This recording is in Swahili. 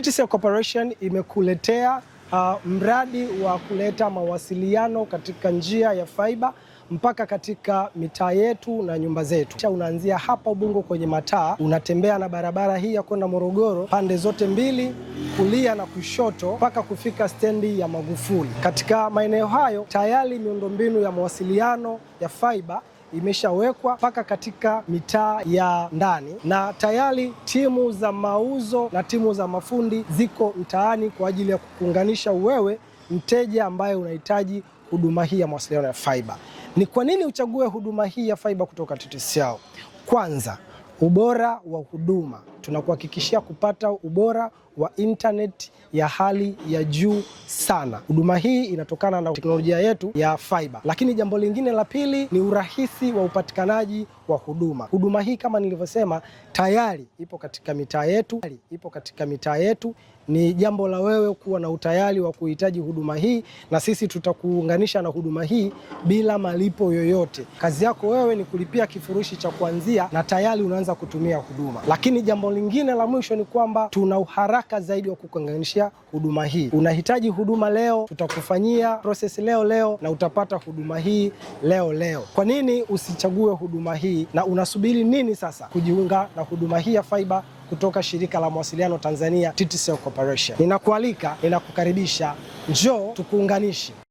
TTCL Corporation imekuletea uh, mradi wa kuleta mawasiliano katika njia ya faiba mpaka katika mitaa yetu na nyumba zetu. Unaanzia hapa Ubungo kwenye mataa, unatembea na barabara hii ya kwenda Morogoro pande zote mbili, kulia na kushoto, mpaka kufika stendi ya Magufuli. Katika maeneo hayo tayari miundombinu ya mawasiliano ya faiba imeshawekwa mpaka katika mitaa ya ndani, na tayari timu za mauzo na timu za mafundi ziko mtaani kwa ajili ya kukuunganisha wewe mteja ambaye unahitaji huduma hii ya mawasiliano ya faiba. Ni kwa nini uchague huduma hii ya faiba kutoka TTCL? Kwanza Ubora wa huduma, tunakuhakikishia kupata ubora wa internet ya hali ya juu sana. Huduma hii inatokana na teknolojia yetu ya fiber. Lakini jambo lingine la pili ni urahisi wa upatikanaji wa huduma. Huduma hii kama nilivyosema, tayari ipo katika mitaa yetu, ipo katika mitaa yetu ni jambo la wewe kuwa na utayari wa kuhitaji huduma hii, na sisi tutakuunganisha na huduma hii bila malipo yoyote. Kazi yako wewe ni kulipia kifurushi cha kuanzia na tayari unaanza kutumia huduma. Lakini jambo lingine la mwisho ni kwamba tuna uharaka zaidi wa kukuunganishia huduma hii. Unahitaji huduma leo, tutakufanyia process leo leo na utapata huduma hii leo leo. Kwa nini usichague huduma hii, na unasubiri nini sasa kujiunga na huduma hii ya fiber? kutoka shirika la mawasiliano Tanzania TTCL Corporation. Ninakualika, ninakukaribisha, njoo tukuunganishe.